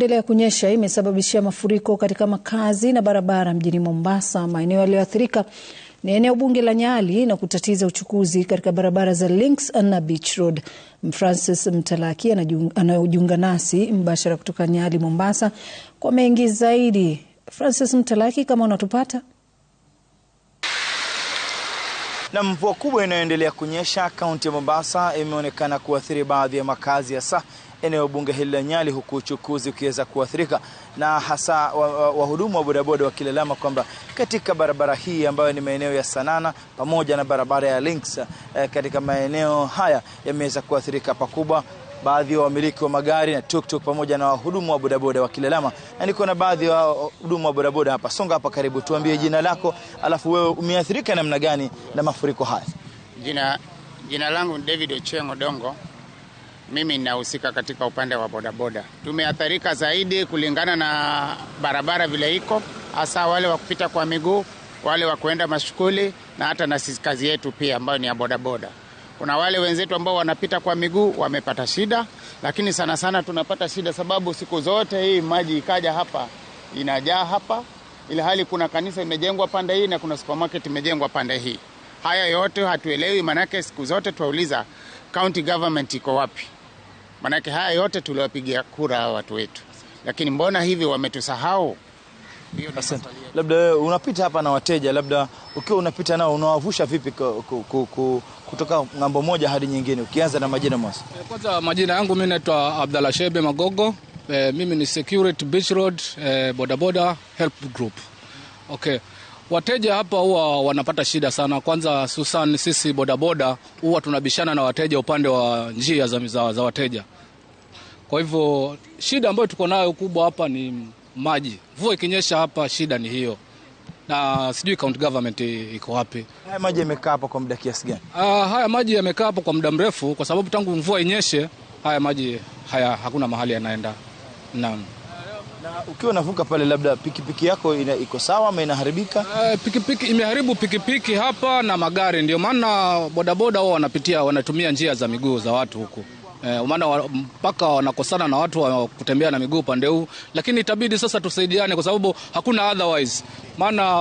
Endelea kunyesha imesababishia mafuriko katika makazi na barabara mjini Mombasa. Maeneo yaliyoathirika ni eneo bunge la Nyali na kutatiza uchukuzi katika barabara za Links na Beach Road. Francis Mtalaki anayojiunga nasi mbashara kutoka Nyali, Mombasa, kwa mengi zaidi. Francis Mtalaki, kama unatupata na mvua kubwa inayoendelea kunyesha kaunti ya Mombasa imeonekana kuathiri baadhi ya makazi hasa eneo bunge hili la Nyali, huku uchukuzi ukiweza kuathirika na hasa wahudumu wa, wa bodaboda wakilalama kwamba katika barabara hii ambayo ni maeneo ya Sanana pamoja na barabara ya Links eh, katika maeneo haya yameweza kuathirika pakubwa baadhi ya wa wamiliki wa magari na tuktuk pamoja na wahudumu wa bodaboda wakilalama, na niko na baadhi ya wa wahudumu wa bodaboda hapa. Songa hapa karibu, tuambie jina lako, alafu wewe umeathirika namna gani na mafuriko haya? Jina, jina langu ni David Ochieng Odongo. Mimi ninahusika katika upande wa bodaboda. Tumeathirika zaidi kulingana na barabara vile iko, hasa wale wa kupita kwa miguu, wale wa kuenda mashukuli na hata na sisi kazi yetu pia ambayo ni ya bodaboda. Kuna wale wenzetu ambao wanapita kwa miguu wamepata shida, lakini sana sana tunapata shida sababu siku zote hii maji ikaja hapa inajaa hapa, ili hali kuna kanisa imejengwa pande hii na kuna supermarket imejengwa pande hii. Haya yote hatuelewi, manake siku zote twauliza county government iko wapi? Manake haya yote tuliwapigia kura watu wetu, lakini mbona hivi wametusahau? Asante. Labda unapita hapa na wateja, labda ukiwa unapita nao unawavusha vipi ku, ku, ku, kutoka ng'ambo moja hadi nyingine, ukianza na majina mosi? Eh, kwanza majina yangu mimi naitwa Abdalla Shebe Magogo. E, mimi ni Security Beach Road e, bodaboda help group. Okay. Wateja hapa huwa wanapata shida sana. Kwanza Susan, sisi bodaboda huwa tunabishana na wateja upande wa njia za, za, za wateja. Kwa hivyo shida ambayo tuko nayo kubwa hapa ni maji. Mvua ikinyesha hapa, shida ni hiyo, na sijui county government iko wapi. Haya maji yamekaa hapo kwa muda kiasi gani? Ah, haya maji yamekaa hapo kwa muda mrefu, kwa sababu tangu mvua inyeshe haya maji haya hakuna mahali yanaenda. Naam. Na ukiwa unavuka pale, labda pikipiki piki yako ina, iko sawa ama inaharibika? Uh, pikipiki imeharibu pikipiki hapa na magari, ndio maana bodaboda wao wanapitia wanatumia njia za miguu za watu huku eh, maana mpaka wanakosana na watu wa kutembea na miguu upande huu, lakini itabidi sasa tusaidiane, kwa sababu hakuna otherwise, maana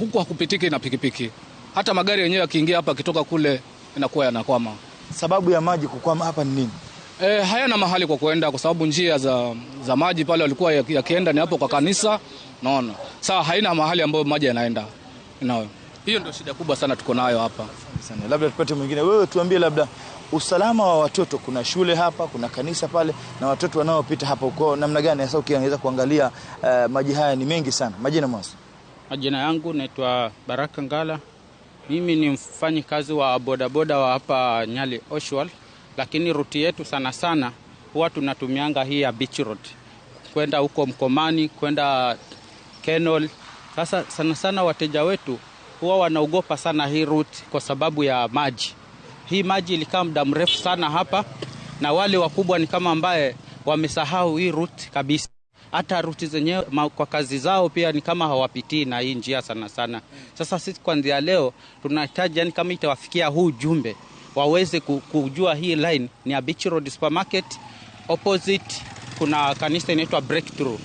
huku hakupitiki na pikipiki. Hata magari yenyewe yakiingia hapa akitoka kule inakuwa yanakwama. Sababu ya maji kukwama hapa ni nini? E, hayana mahali kwa kuenda kwa sababu njia za, za maji pale walikuwa yakienda ni hapo kwa kanisa, naona saa haina mahali ambayo maji yanaenda. Hiyo ndio shida kubwa sana tuko nayo hapa. Labda tupate mwingine, wewe tuambie labda usalama wa watoto, kuna shule hapa, kuna kanisa pale, na watoto wanaopita hapa uko namna gani sasa Ukiweza kuangalia uh, maji haya ni mengi sana. Majina mwanzo. Majina yangu naitwa Baraka Ngala, mimi ni kazi wa bodaboda wa hapa Nyali Oshwal, lakini ruti yetu sana sana huwa tunatumianga hii ya beach road kwenda huko Mkomani, kwenda Kenol. Sasa sana sana wateja wetu huwa wanaogopa sana hii route kwa sababu ya maji hii maji ilikaa muda mrefu sana hapa, na wale wakubwa ni kama ambaye wamesahau hii route kabisa. Hata route zenyewe kwa kazi zao pia ni kama hawapitii na hii njia sana sana. Sasa sisi kuanzia leo tunahitaji, yani kama itawafikia huu jumbe, waweze kujua hii line ni Beach Road Supermarket opposite, kuna kanisa inaitwa Breakthrough.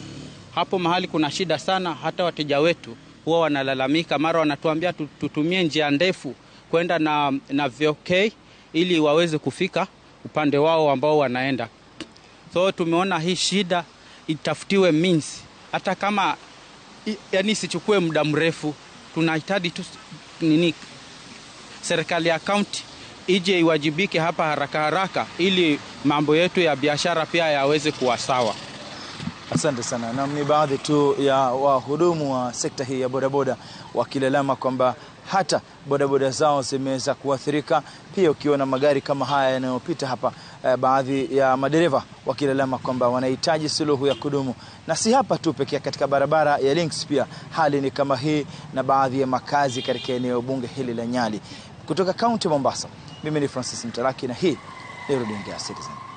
Hapo mahali kuna shida sana, hata wateja wetu huwa wanalalamika, mara wanatuambia tutumie njia ndefu kwenda na, na VOK ili waweze kufika upande wao ambao wanaenda. So tumeona hii shida itafutiwe means, hata kama yani sichukue muda mrefu. Tunahitaji tu nini, serikali ya kaunti ije iwajibike hapa haraka haraka, ili mambo yetu ya biashara pia yaweze kuwa sawa. Asante sana. na ni baadhi tu ya wahudumu wa sekta hii ya bodaboda wakilalama kwamba hata bodaboda zao zimeweza kuathirika. Pia ukiona magari kama haya yanayopita hapa eh, baadhi ya madereva wakilalama kwamba wanahitaji suluhu ya kudumu, na si hapa tu pekee. Katika barabara ya Links pia hali ni kama hii, na baadhi ya makazi katika eneo bunge hili la Nyali. Kutoka kaunti ya Mombasa, mimi ni Francis Mtaraki na hii ni Runinga ya Citizen.